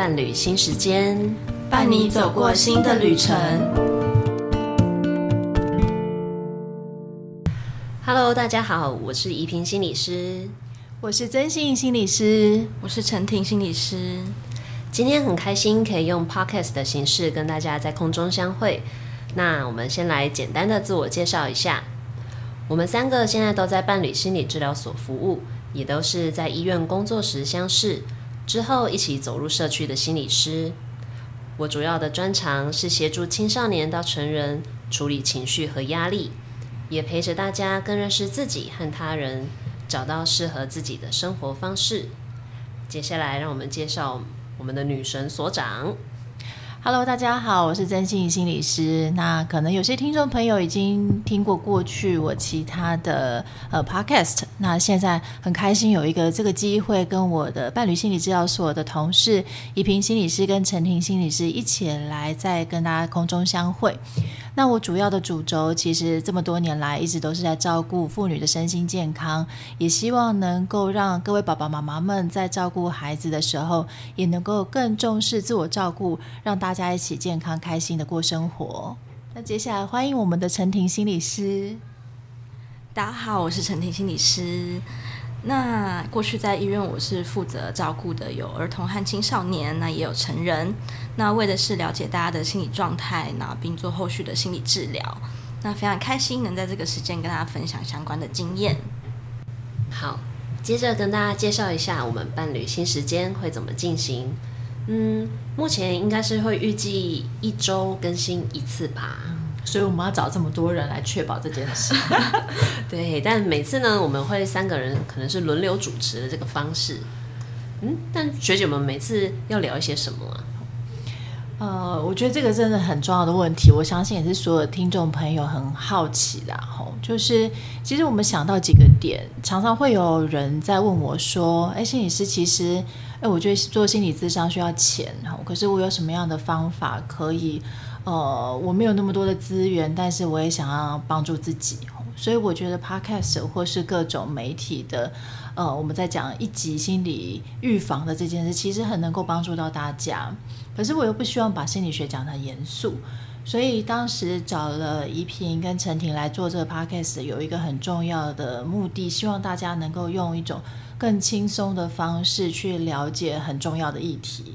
伴侶新時間，伴你走過新的旅程。Hello，大家好，我是宜萍心理師，我是曾心心理師，我是陳婷心理師。今天很開心可以用 Podcast 的形式跟大家在空中相會。那我們先來簡單的自我介紹一下，我們三個現在都在伴侶心理治療所服務，也都是在醫院工作時相識。之後一起走入社區的心理師。我主要的專長是協助青少年到成人處理情緒和壓力，也陪着大家更認識自己和他人，找到適合自己的生活方式。接下來，讓我們介紹我們的女神所長。Hello，大家好，我是曾信怡心理師。那可能有些聽眾朋友已經聽過過去我其他的呃 Podcast。那現在很開心有一個這個機會，跟我的伴侶心理治療所的同事，一平心理師跟陳婷心理師一起來再跟大家空中相會。那我主要的主軸其實這麼多年來一直都是在照顧婦女的身心健康，也希望能夠讓各位爸爸媽媽們在照顧孩子的時候，也能夠更重視自我照顧，讓大家一起健康開心地過生活。那接下來歡迎我們的陳婷心理師。大家好，我是陳婷心理師。那過去在醫院，我是負責照顧的，有兒童和青少年，那也有成人。那為的是了解大家的心理狀態，然後並做後續的心理治療。那非常開心能在這個時間跟大家分享相關的經驗。好，接着跟大家介紹一下我們伴侶新時間會怎麼進行。嗯，目前應該是會預計一周更新一次吧。所以我們要找這麼多人來確保這件事， 對。但每次呢，我們會三個人可能是輪流主持的這個方式。嗯，但學姐們每次要聊一些什麼、啊嗯、呃，我覺得這個真的很重要的問題，我相信也是所有聽眾朋友很好奇的吼。就是其實我們想到幾個點，常常會有人在問我說：“哎、欸，心理師，其實哎、欸，我覺得做心理諮商需要錢吼，可是我有什麼樣的方法可以？”呃，我沒有那麼多的資源，但是我也想要幫助自己，所以我覺得 podcast 或是各種媒體的，呃，我們在講一級心理預防的這件事，其實很能夠幫助到大家。可是我又不希望把心理學講得很嚴肅，所以當時找了怡萍跟陳婷來做這個 podcast，有一個很重要的目的，希望大家能夠用一種更輕鬆的方式去了解很重要的議題。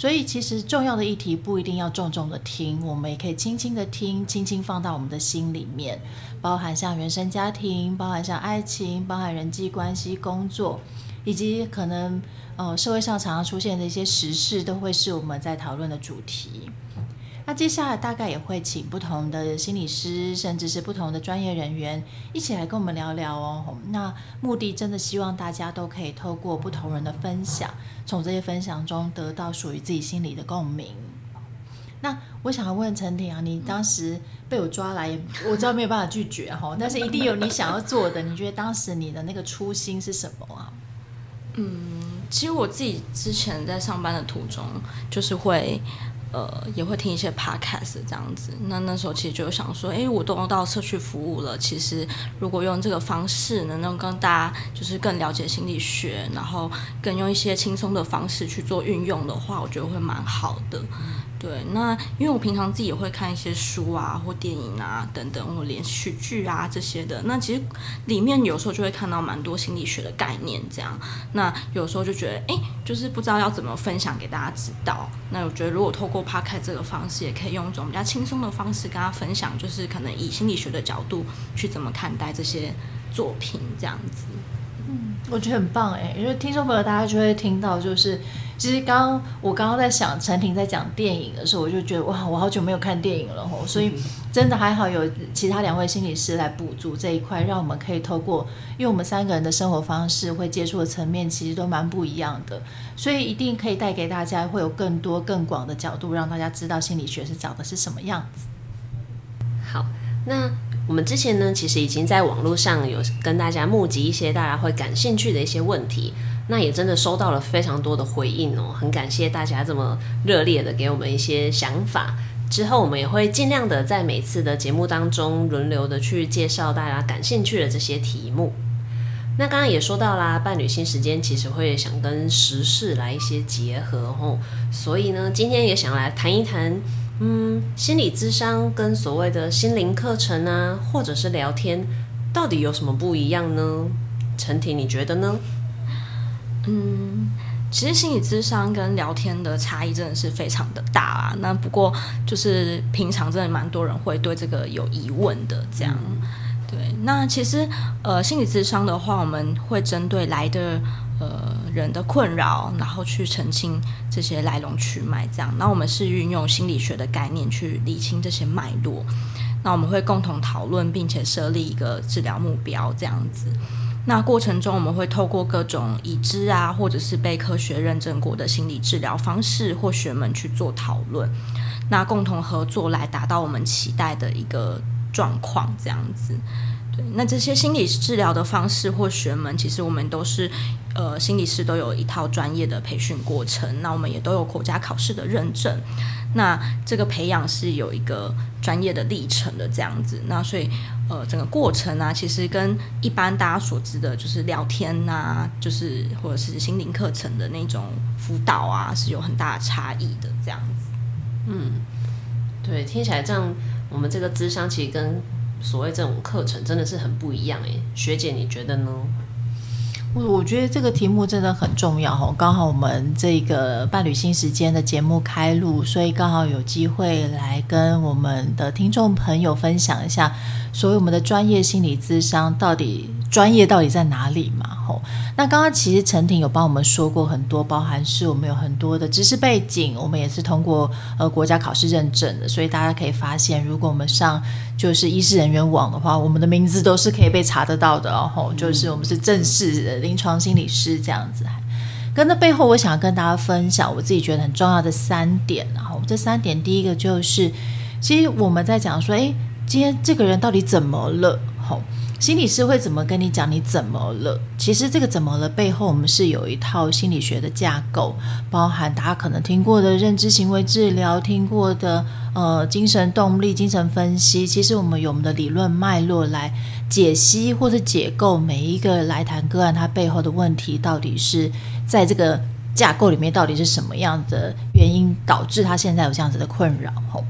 所以，其實重要的議題不一定要重重的聽，我們也可以輕輕的聽，輕輕放到我們的心裡面。包含像原生家庭，包含像愛情，包含人際關係、工作，以及可能呃社會上常常出現的一些時事，都會是我們在討論的主題。那接下來大概也會請不同的心理師，甚至是不同的專業人員一起來跟我們聊聊哦。那目的真的希望大家都可以透過不同人的分享，從這些分享中得到屬於自己心裡的共鳴。那我想要問陳婷啊，你當時被我抓來，我知道沒有辦法拒絕哈、哦， 但是一定有你想要做的。你覺得當時你的那個初心是什麼啊？嗯，其實我自己之前在上班的途中，就是會。呃，也會聽一些 podcast 這樣子。那那時候其實就想說，哎，我都到社區服務了，其實如果用這個方式，能能跟大家就是更了解心理學，然後更用一些輕鬆的方式去做運用的話，我覺得會蠻好的。對，那因為我平常自己也會看一些書啊，或電影啊等等，或連續劇啊這些的。那其實裡面有時候就會看到蠻多心理學的概念，這樣。那有時候就覺得，哎，就是不知道要怎麼分享給大家知道。那我覺得如果透過 podcast 這個方式也可以用一種比較輕鬆的方式跟他分享，就是可能以心理學的角度去怎麼看待這些作品，這樣子。嗯，我覺得很棒哎，因為聽眾朋友大家就會聽到，就是其實剛剛我剛剛在想陳婷在講電影的時候，我就覺得哇，我好久沒有看電影了吼，所以真的還好有其他兩位心理師來補足這一塊，讓我們可以透過，因為我們三個人的生活方式會接觸的層面其實都蠻不一樣的，所以一定可以帶給大家會有更多更廣的角度，讓大家知道心理學是長的是什麼樣子。好，那。我們之前呢，其實已經在網絡上有跟大家募集一些大家會感興趣的一些問題，那也真的收到了非常多的回應哦，很感謝大家這麼熱烈的給我們一些想法。之後我們也會盡量的在每次的節目當中輪流的去介紹大家感興趣的這些題目。那剛剛也說到啦，伴侶新時間其實會想跟時事來一些結合哦。所以呢，今天也想來談一談。嗯，心理諮商跟所謂的心靈課程啊，或者是聊天，到底有什麼不一樣呢？陳婷，你覺得呢？嗯，其實心理諮商跟聊天的差異真的是非常的大啊。那不過就是平常真的蠻多人會對這個有疑問的，這樣。嗯、對，那其實呃，心理諮商的話，我們會針對來的。呃，人的困擾，然後去澄清這些來龍去脈，這樣。那我們是運用心理學的概念去理清這些脈絡。那我們會共同討論，並且設立一個治療目標，這樣子。那過程中，我們會透過各種已知啊，或者是被科學認證過的心理治療方式或學門去做討論。那共同合作來達到我們期待的一個狀況，這樣子。對，那這些心理治療的方式或學門，其實我們都是。呃，心理師都有一套專業的培訓過程，那我們也都有國家考試的認證。那這個培養是有一個專業的歷程的，這樣子。那所以，呃，整個過程呢、啊，其實跟一般大家所知的，就是聊天啊，就是或者是心靈課程的那種輔導啊，是有很大的差異的，這樣子。嗯，對，聽起來這樣，我們這個諮商其實跟所謂這種課程真的是很不一樣誒。學姐你覺得呢？我我覺得這個題目真的很重要哦，剛好我們這個伴侶新時間的節目開錄，所以剛好有機會來跟我們的聽眾朋友分享一下，所謂我們的專業心理諮商到底。專業到底在哪裡嘛？吼、哦，那剛剛其實陳婷有幫我們說過很多，包含是我們有很多的知識背景，我們也是通過呃國家考試認證的，所以大家可以發現，如果我們上就是醫事人員網的話，我們的名字都是可以被查得到的、哦。吼、嗯，就是我們是正式的臨床心理師這樣子。跟那背後，我想要跟大家分享我自己覺得很重要的三點。然後，哦，這三點，第一個就是，其實我們在講說，哎，今天這個人到底怎麼了？吼、哦。心理師會怎麼跟你講？你怎麼了？其實這個怎麼了背後，我們是有一套心理學的架構，包含大家可能聽過的認知行為治療，聽過的呃精神動力、精神分析。其實我們有我們的理論脈絡來解析或者解構每一個來談個案，它背後的問題到底是，在這個架構裡面到底是什麼樣的原因導致他現在有這樣子的困擾？吼。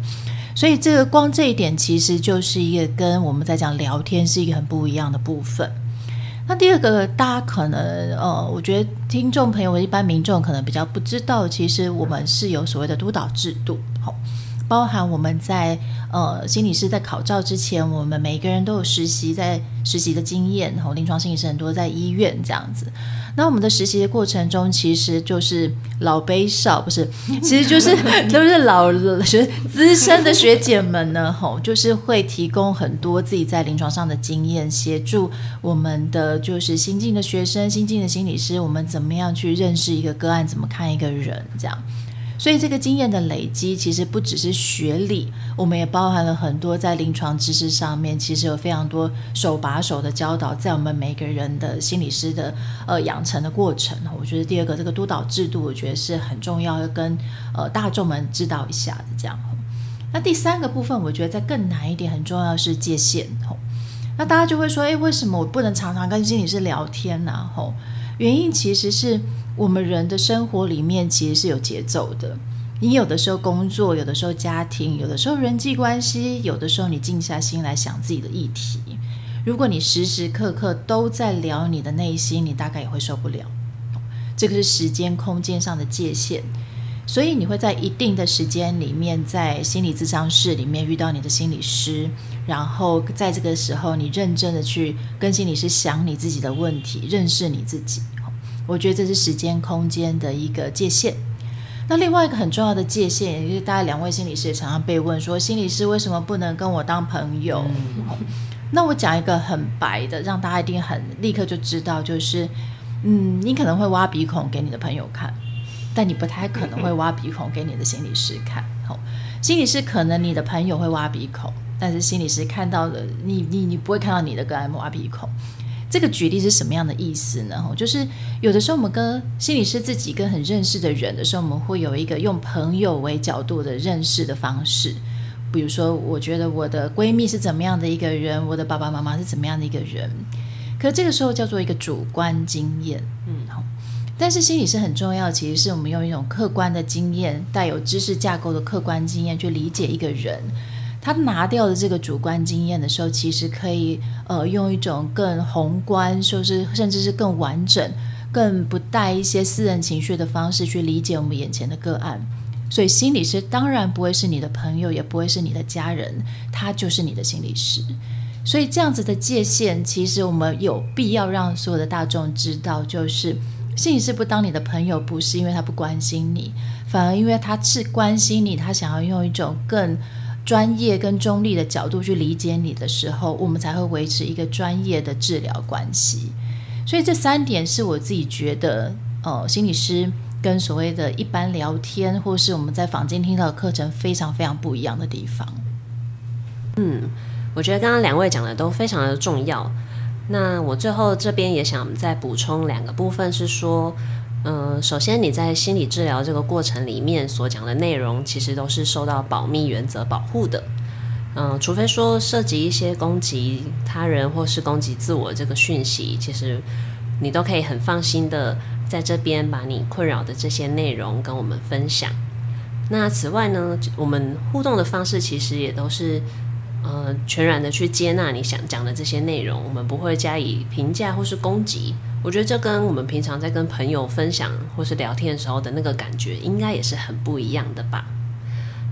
所以這個光這一點其實就是一個跟我們在講聊天是一個很不一樣的部分。那第二個，大家可能呃，我覺得聽眾朋友，一般民眾可能比較不知道，其實我們是有所謂的督導制度，哦、包含我們在呃心理師在考照之前，我們每個人都有實習，在實習的經驗，然後、哦、臨床心理師很多在醫院這樣子。那我們的實習的過程中，其實就是老杯少不是，其實就是都 是老學、就是、資深的學姐們呢，吼、 哦，就是會提供很多自己在臨床上的經驗，協助我們的就是新進的學生、新進的心理師，我們怎麼樣去認識一個個案，怎麼看一個人，這樣。所以這個經驗的累積，其實不只是學歷，我們也包含了很多在臨床知識上面，其實有非常多手把手的教導，在我們每個人的心理師的呃養成的過程。我覺得第二個這個督導制度，我覺得是很重要，要跟呃大眾們知道一下的這樣。那第三個部分，我覺得再更難一點，很重要是界限。那大家就會說，哎，為什麼我不能常常跟心理師聊天呢啊？吼。原因其實是我們人的生活裡面其實是有節奏的。你有的時候工作，有的時候家庭，有的時候人際關係，有的時候你靜下心來想自己的議題。如果你時時刻刻都在聊你的內心，你大概也會受不了。這個是時間空間上的界限。所以你會在一定的時間裡面，在心理諮商室裡面遇到你的心理師，然後在這個時候，你認真的去跟心理師想你自己的問題，認識你自己。我覺得這是時間空間的一個界限。那另外一個很重要的界限，也就是大家兩位心理師也常常被問說，心理師為什麼不能跟我當朋友？那我講一個很白的，讓大家一定很立刻就知道，就是，嗯，你可能會挖鼻孔給你的朋友看。但你不太可能會挖鼻孔給你的心理師看， 心理師可能你的朋友會挖鼻孔，但是心理師看到的，你你你不會看到你的個案挖鼻孔。這個舉例是什麼樣的意思呢？就是有的時候我們跟心理師自己跟很認識的人的時候，我們會有一個用朋友為角度的認識的方式，比如說我覺得我的閨蜜是怎麼樣的一個人，我的爸爸媽媽是怎麼樣的一個人，可這個時候叫做一個主觀經驗，嗯。但是心理師很重要，其實是我們用一種客觀的經驗，帶有知識架構的客觀經驗去理解一個人。他拿掉的這個主觀經驗的時候，其實可以呃用一種更宏觀，說是甚至是更完整、更不帶一些私人情緒的方式去理解我們眼前的個案。所以心理師當然不會是你的朋友，也不會是你的家人，他就是你的心理師。所以這樣子的界限，其實我們有必要讓所有的大眾知道，就是。心理師不當你的朋友，不是因為他不關心你，反而因為他是關心你，他想要用一種更專業、更中立的角度去理解你的時候，我們才會維持一個專業的治療關係。所以這三點是我自己覺得，呃，心理師跟所謂的一般聊天，或是我們在坊間聽到的課程非常非常不一樣的地方。嗯，我覺得剛剛兩位講的都非常的重要。那我最後這邊也想再補充兩個部分，是說，嗯、呃，首先你在心理治療這個過程裡面所講的內容，其實都是受到保密原則保護的，嗯、呃，除非說涉及一些攻擊他人或是攻擊自我這個訊息，其實你都可以很放心的在這邊把你困擾的這些內容跟我們分享。那此外呢，我們互動的方式其實也都是。呃，全然的去接納你想講的這些內容，我們不會加以評價或是攻擊。我覺得這跟我們平常在跟朋友分享或是聊天的時候的那個感覺，應該也是很不一樣的吧。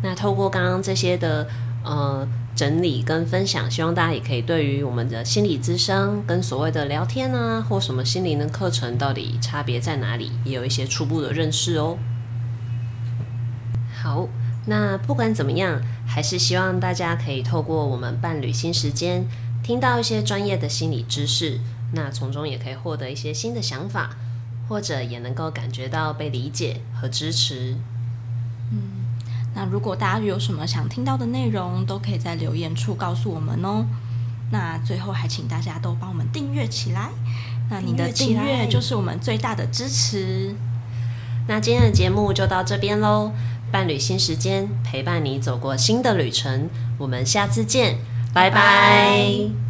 那透過剛剛這些的呃整理跟分享，希望大家也可以對於我們的心理諮商跟所謂的聊天啊，或什麼心靈的課程到底差別在哪裡，也有一些初步的認識哦。好。那不管怎麼樣，還是希望大家可以透過我們伴侶新時間，聽到一些專業的心理知識，那從中也可以獲得一些新的想法，或者也能夠感覺到被理解和支持。嗯，那如果大家有什麼想聽到的內容，都可以在留言處告訴我們哦。那最後還請大家都幫我們訂閱起來，那你的訂閱就是我們最大的支持。那今天的節目就到這邊嘍。伴侶新時間，陪伴你走過新的旅程。我們下次見，拜拜。拜拜。